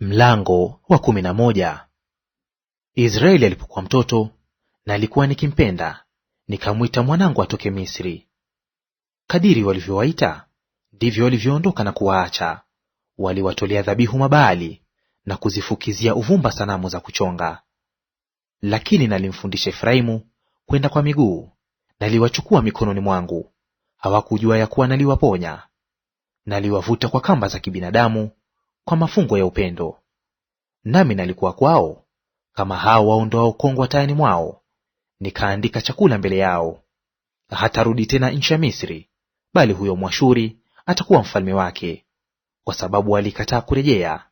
Mlango wa kumi na moja. Israeli alipokuwa mtoto, nalikuwa nikimpenda, nikamwita mwanangu atoke Misri. Kadiri walivyowaita ndivyo walivyoondoka na kuwaacha, waliwatolea dhabihu Mabaali na kuzifukizia uvumba sanamu za kuchonga. Lakini nalimfundisha Efraimu kwenda kwa miguu, naliwachukua mikononi mwangu; hawakujua ya kuwa naliwaponya. Naliwavuta kwa kamba za kibinadamu kwa mafungo ya upendo. Nami nalikuwa kwao kama hao waondoao kongwa tayani mwao, nikaandika chakula mbele yao. Hatarudi tena nchi ya Misri, bali huyo Mwashuri atakuwa mfalme wake, kwa sababu alikataa kurejea.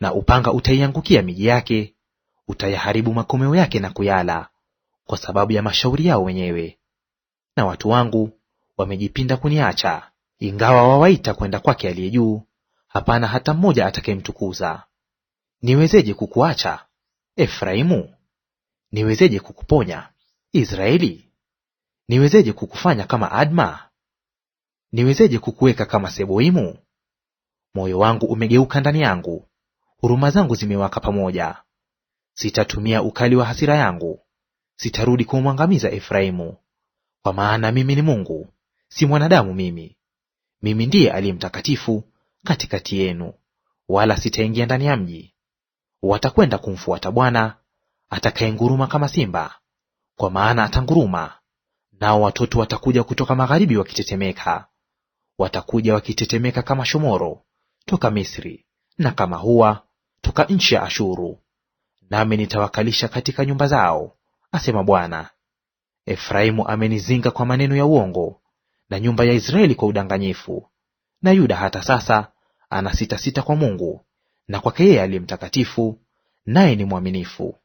Na upanga utaiangukia miji yake, utayaharibu makomeo yake na kuyala, kwa sababu ya mashauri yao wenyewe. Na watu wangu wamejipinda kuniacha, ingawa wawaita kwenda kwake aliye juu hapana hata mmoja atakayemtukuza. Niwezeje kukuacha Efraimu? Niwezeje kukuponya Israeli? Niwezeje kukufanya kama Adma? Niwezeje kukuweka kama Seboimu? Moyo wangu umegeuka ndani yangu, huruma zangu zimewaka pamoja. Sitatumia ukali wa hasira yangu, sitarudi kumwangamiza Efraimu. Kwa maana mimi ni Mungu, si mwanadamu mimi; mimi ndiye aliye mtakatifu katikati yenu, wala sitaingia ndani ya mji. Watakwenda kumfuata Bwana atakayenguruma kama simba, kwa maana atanguruma; nao watoto watakuja kutoka magharibi wakitetemeka. Watakuja wakitetemeka kama shomoro toka Misri, na kama hua toka nchi ya Ashuru, nami nitawakalisha katika nyumba zao, asema Bwana. Efraimu amenizinga kwa maneno ya uongo, na nyumba ya Israeli kwa udanganyifu. Na Yuda hata sasa anasitasita kwa Mungu na kwake yeye aliye mtakatifu, naye ni mwaminifu.